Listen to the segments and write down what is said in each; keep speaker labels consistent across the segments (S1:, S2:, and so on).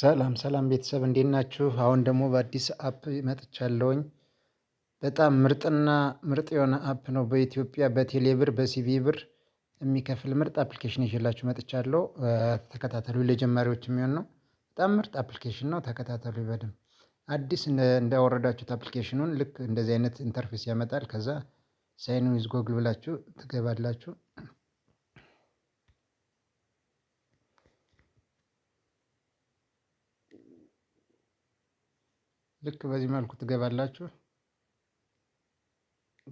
S1: ሰላም ሰላም ቤተሰብ እንዴት ናችሁ? አሁን ደግሞ በአዲስ አፕ መጥቻለሁኝ። በጣም ምርጥና ምርጥ የሆነ አፕ ነው። በኢትዮጵያ በቴሌ ብር ብር የሚከፍል ምርጥ አፕሊኬሽን ይዤላችሁ መጥቻለሁ። ተከታተሉ። ለጀማሪዎች የሚሆን ነው። በጣም ምርጥ አፕሊኬሽን ነው። ተከታተሉ በደንብ። አዲስ እንዳወረዳችሁት አፕሊኬሽኑን ልክ እንደዚህ አይነት ኢንተርፌስ ያመጣል። ከዛ ሳይን ዊዝ ጎግል ብላችሁ ትገባላችሁ። ልክ በዚህ መልኩ ትገባላችሁ።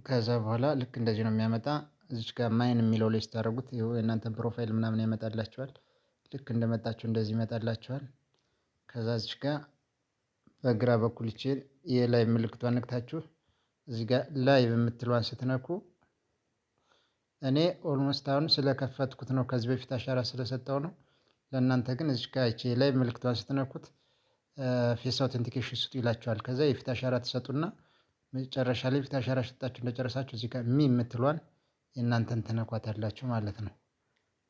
S1: ከዛ በኋላ ልክ እንደዚህ ነው የሚያመጣ። እዚች ጋር ማይን የሚለው ላይ ስታደርጉት ይኸው የእናንተን ፕሮፋይል ምናምን ያመጣላችኋል። ልክ እንደመጣችሁ እንደዚህ ይመጣላችኋል። ከዛ እዚች ጋር በግራ በኩል ይችን የላይቭ ምልክቷን ነክታችሁ እዚ ጋር ላይ የምትለዋን ስትነኩ እኔ ኦልሞስት አሁን ስለከፈትኩት ነው፣ ከዚህ በፊት አሻራ ስለሰጠው ነው። ለእናንተ ግን እዚች ጋር ይቺ የላይቭ ምልክቷን ስትነኩት ፌስ አውተንቲኬሽን ስጡ ይላቸዋል። ከዛ የፊት አሻራ ትሰጡና መጨረሻ ላይ የፊት አሻራ ሰጣችሁ እንደጨረሳችሁ እዚህ ጋር ሚ የምትሏን የእናንተን ትነኳታላችሁ ማለት ነው።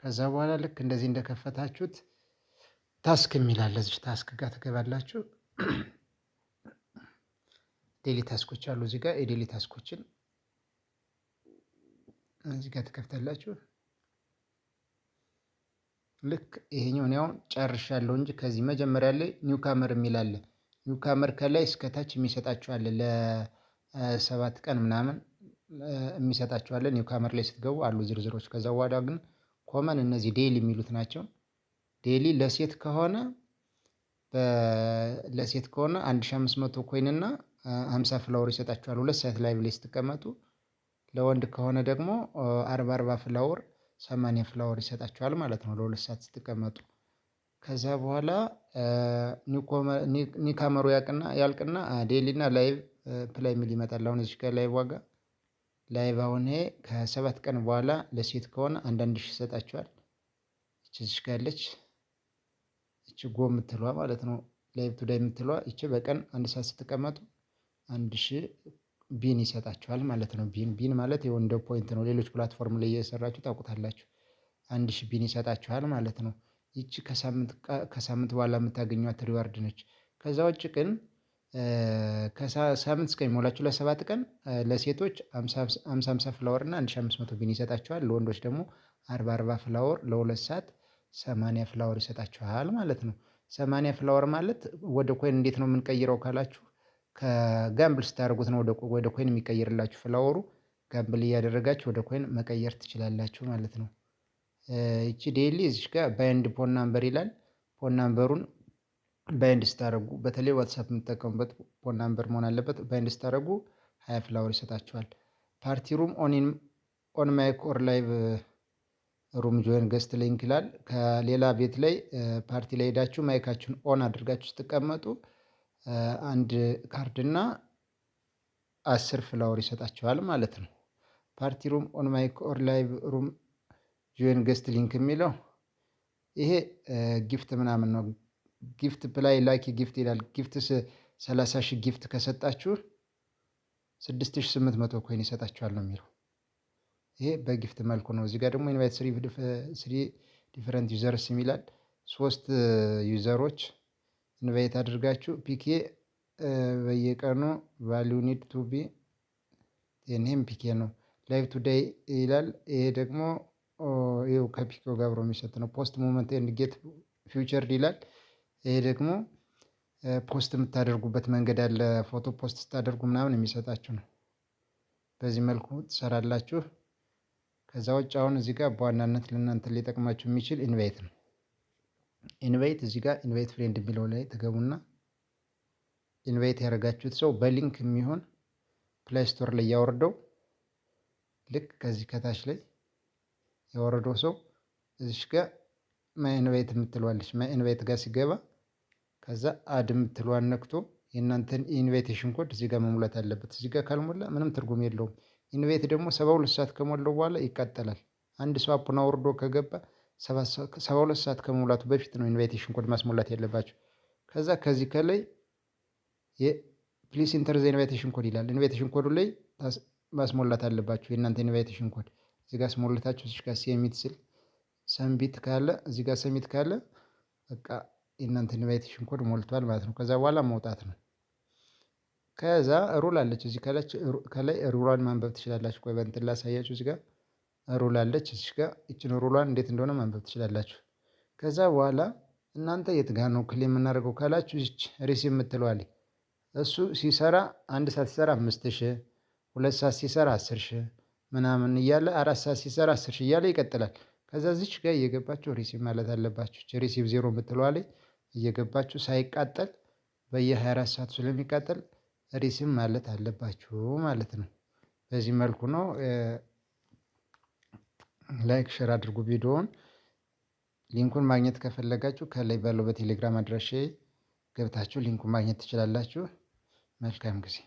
S1: ከዛ በኋላ ልክ እንደዚህ እንደከፈታችሁት ታስክ የሚላለ እዚህ ታስክ ጋር ትገባላችሁ። ዴሊ ታስኮች አሉ እዚህ ጋር የዴሊ ታስኮችን እዚህ ጋር ትከፍታላችሁ። ልክ ይሄኛው ነው አሁን ጨርሻለሁ እንጂ ከዚህ መጀመሪያ ላይ ኒውካመር የሚል አለ ኒውካመር ከላይ እስከታች የሚሰጣቸው አለ ለሰባት ቀን ምናምን የሚሰጣችሁ አለ ኒውካመር ላይ ስትገቡ አሉ ዝርዝሮች። ከዛ በኋላ ግን ኮመን እነዚህ ዴይሊ የሚሉት ናቸው። ዴይሊ ለሴት ከሆነ ለሴት ከሆነ 1500 መቶ ኮይን እና 50 ፍላወር ይሰጣችኋል ሁለት ሰዓት ላይ ላይ ስትቀመጡ። ለወንድ ከሆነ ደግሞ አርባ አርባ ፍላወር ሰማንያ ፍላወር ይሰጣችኋል ማለት ነው ለሁለት ሰዓት ስትቀመጡ። ከዛ በኋላ ኒካመሩ ያቅና ያልቅና ዴይሊ እና ላይቭ ፕላይ ሚል ይመጣል። አሁን እዚች ጋር ላይቭ ዋጋ ላይቭ አሁን ይሄ ከሰባት ቀን በኋላ ለሴት ከሆነ አንዳንድ ሺ ይሰጣችኋል። እች እዚች ጋር ያለች ይቺ ጎ የምትለዋ ማለት ነው ላይቭ ቱዳይ የምትለዋ እች በቀን አንድ ሰዓት ስትቀመጡ አንድ ሺህ ቢን ይሰጣችኋል ማለት ነው። ቢን ቢን ማለት የወንደ እንደ ፖይንት ነው ሌሎች ፕላትፎርም ላይ እየሰራችሁ ታውቁታላችሁ። አንድ ሺ ቢን ይሰጣችኋል ማለት ነው። ይቺ ከሳምንት በኋላ የምታገኟት ሪዋርድ ነች። ከዛ ውጭ ግን ከሳምንት እስከሚሞላችሁ ለሰባት ቀን ለሴቶች አምሳ አምሳ ፍላወር እና አንድ ሺ አምስት መቶ ቢን ይሰጣችኋል። ለወንዶች ደግሞ አርባ አርባ ፍላወር ለሁለት ሰዓት ሰማንያ ፍላወር ይሰጣችኋል ማለት ነው። ሰማንያ ፍላወር ማለት ወደ ኮይን እንዴት ነው የምንቀይረው ካላችሁ ከጋምብል ስታደርጉት ነው ወደ ኮይን የሚቀይርላችሁ ፍላወሩ። ጋምብል እያደረጋችሁ ወደ ኮይን መቀየር ትችላላችሁ ማለት ነው። እቺ ዴይሊ እዚች ጋር ባይንድ ፎን ናምበር ይላል። ፎን ናምበሩን ባይንድ ስታደርጉ በተለይ ዋትሳፕ የምትጠቀሙበት ፎን ናምበር መሆን አለበት። ባይንድ ስታደርጉ ሀያ ፍላወር ይሰጣችኋል። ፓርቲ ሩም ኦን ማይክ ኦር ላይቭ ሩም ጆይን ገስት ሊንክ ይላል። ከሌላ ቤት ላይ ፓርቲ ላይ ሄዳችሁ ማይካችሁን ኦን አድርጋችሁ ስትቀመጡ አንድ ካርድ እና አስር ፍላወር ይሰጣቸዋል ማለት ነው። ፓርቲ ሩም ኦን ማይክ ኦር ላይቭ ሩም ጆይን ገስት ሊንክ የሚለው ይሄ ጊፍት ምናምን ነው። ጊፍት ፕላይ ላኪ ጊፍት ይላል። ጊፍት ሰላሳ ሺህ ጊፍት ከሰጣችሁ ስድስት ሺህ ስምንት መቶ ኮይን ይሰጣችኋል ነው የሚለው። ይሄ በጊፍት መልኩ ነው። እዚህ ጋር ደግሞ ኢንቫይት ስሪ ዲፈረንት ዩዘርስ የሚላል ሶስት ዩዘሮች ኢንቫይት አድርጋችሁ ፒኬ በየቀኑ ቫሊዩ ኒድ ቱ ቢ ይህም ፒኬ ነው። ላይቭ ቱዴይ ይላል። ይሄ ደግሞ ይኸው ከፒኬው ጋር አብሮ የሚሰጥ ነው። ፖስት ሞመንት ኤንድ ጌት ፊውቸርድ ይላል። ይሄ ደግሞ ፖስት የምታደርጉበት መንገድ አለ። ፎቶ ፖስት ስታደርጉ ምናምን የሚሰጣችሁ ነው። በዚህ መልኩ ትሰራላችሁ። ከዛ ውጭ አሁን እዚህ ጋር በዋናነት ለእናንተ ሊጠቅማችሁ የሚችል ኢንቫይት ነው። ኢንቫይት እዚህ ጋር ኢንቫይት ፍሬንድ የሚለው ላይ ትገቡና ኢንቫይት ያደረጋችሁት ሰው በሊንክ የሚሆን ፕላይ ስቶር ላይ ያወርደው። ልክ ከዚህ ከታች ላይ ያወረደው ሰው እዚሽ ጋር ማይ የምትለዋለች ማይ ጋር ሲገባ ከዛ አድ የምትለዋን ነክቶ የእናንተን ኢንቬቴሽን ኮድ እዚህ ጋር መሙላት አለበት። እዚህ ጋር ካልሞላ ምንም ትርጉም የለውም። ኢንቬት ደግሞ ሰባ ሁለት ሰዓት ከሞላው በኋላ ይቃጠላል። አንድ ሰው አፑን አውርዶ ከገባ ሰባ ሁለት ሰዓት ከመሙላቱ በፊት ነው ኢንቫይቴሽን ኮድ ማስሞላት ያለባቸው። ከዛ ከዚህ ከላይ ፕሊስ ኢንተር ዘ ኢንቫይቴሽን ኮድ ይላል። ኢንቫይቴሽን ኮዱ ላይ ማስሞላት አለባቸው የእናንተ ኢንቫይቴሽን ኮድ እዚህ ጋር ስሞላታቸው እዚህ ጋር ሴሚት ስል ሰንቢት ካለ እዚህ ጋር ሰሚት ካለ በቃ የእናንተ ኢንቫይቴሽን ኮድ ሞልቷል ማለት ነው። ከዛ በኋላ መውጣት ነው። ከዛ ሩል አለች እዚህ ከላይ ሩሏን ማንበብ ትችላላችሁ። ቆይ በእንትን ላሳያችሁ እዚህ ጋር ሩል አለች እዚህ ጋ ይቺን ሩሏን እንዴት እንደሆነ ማንበብ ትችላላችሁ። ከዛ በኋላ እናንተ የት ጋር ነው ክሌም የምናደርገው ካላችሁ ይች ሪሲ የምትለዋል እሱ ሲሰራ አንድ ሰዓት ሲሰራ አምስት ሺ ሁለት ሰዓት ሲሰራ አስር ሺ ምናምን እያለ አራት ሰዓት ሲሰራ አስር ሺ እያለ ይቀጥላል። ከዛ እዚች ጋር እየገባችሁ ሪሲቭ ማለት አለባችሁ። ይች ሪሲቭ ዜሮ የምትለዋል እየገባችሁ ሳይቃጠል በየ24 ሰዓቱ ስለሚቃጠል ሪሲቭ ማለት አለባችሁ ማለት ነው። በዚህ መልኩ ነው ላይክ ሸር አድርጉ ቪዲዮውን። ሊንኩን ማግኘት ከፈለጋችሁ ከላይ ባለው በቴሌግራም አድራሻ ገብታችሁ ሊንኩን ማግኘት ትችላላችሁ። መልካም ጊዜ